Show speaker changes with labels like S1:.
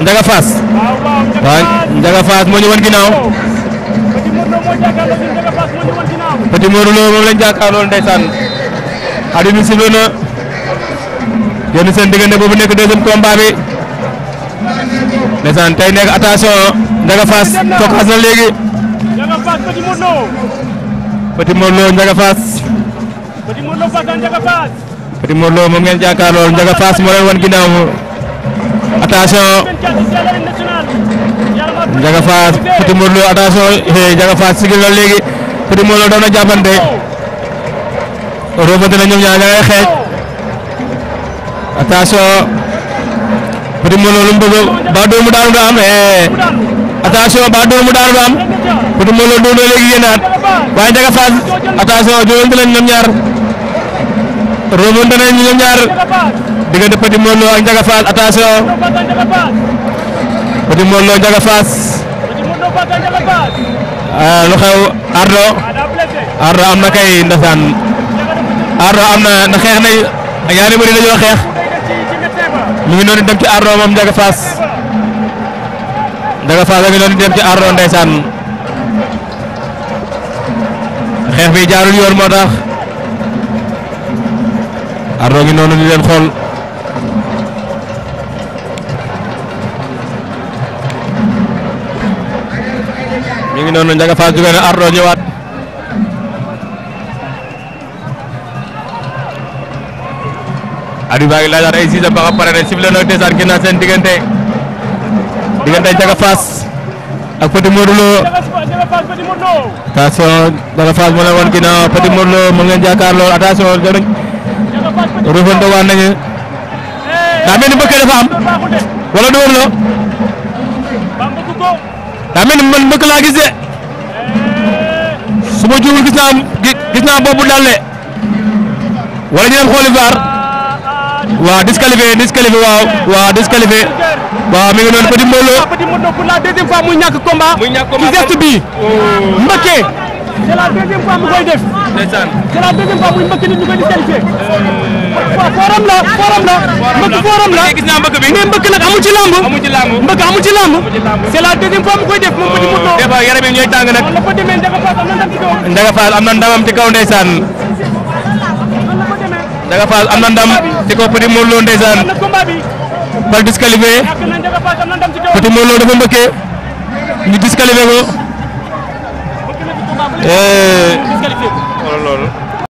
S1: Ndiaga Fass waaw Ndiaga Fass moo ñu wan ginnaaw Petit Modou Lo moom lañ jàkkaarloo ndeysaan Aliou bi sifflé na génn seen diggante boobu nekk deuxième combat bi ndeysaan tey nekk attention Ndiaga Fass tokkaas na léegi Petit Modou Lo Ndiaga Fass Petit Modou Lo moom ngeen jàkkaarloo Ndiaga Fass moo leen wan ginnaaw attention
S2: Ndiaga Fass Petit
S1: Modou Lo attention Ndiaga Fass sigil na léegi Petit Modou Lo ñaar ña ngay xeex attention Petit Modou Lo lu mu bëgg ba dóor mu daanu am attention ba dóor mu am Petit Modou Lo dóor na waaye Ndiaga Fass attention jëlante nañ ñaar. remonté nañ ñoom ñaar diggante Petit Modou Lo ak Ndiaga Fass attention Petit Modou Lo Ndiaga Fass ah, lu xew Ardo Ardo am na kay ndasaan Ardo am na na xeex nañ ñaari mbir dañoo xeex mu ngi noonu dem ci Ardo moom Ndiaga Fass Ndiaga Fass a ngi noonu dem ci Ardo ndeysaan xeex bi jaarul yoon moo tax. Ardo ngi noonu di leen xool mi ngi noonu Ndiaga Fass jóge na Ardo ñëwaat Habib Ba ngi laajaat ay sixième ba xam pare rek sifflé na desaan ginnaaw seen diggante diggante Ndiaga Fass ak Petit Modou Lo attention Ndiaga Fass mu ne woon ginnaaw Petit Modou Lo mu ngeen jàkkaarloo attention Rofante waa nañu daa mel ni mbëkk dafa am wala du la daa mel laa gis de su gis naa gis naa boobu dalle wala ñu dem xooli VAR waaw disqualifié disqualifié waaw waaw mi ngi noonu Petit Mbolo. Petit Mbolo muy ñàkk combat. muy ñàkk oh. mbëkkee. c'est la deuxième koy def. ndeysaan la deuxième euh. la forum la. la gis bi mais mbëkk nag amu ci lamb. amu ci lamb mbëkk amu ci koy def moom petit mouton. Oh. des fois yaram yi ñooy tàng nag. dafa demee am na ndam kaw.
S2: Ndaga Fall am na am na ndam kaw petit Modou
S1: Lo dafa mbëkkee ñu disqualifié ko. Eh. loolu oh loolu.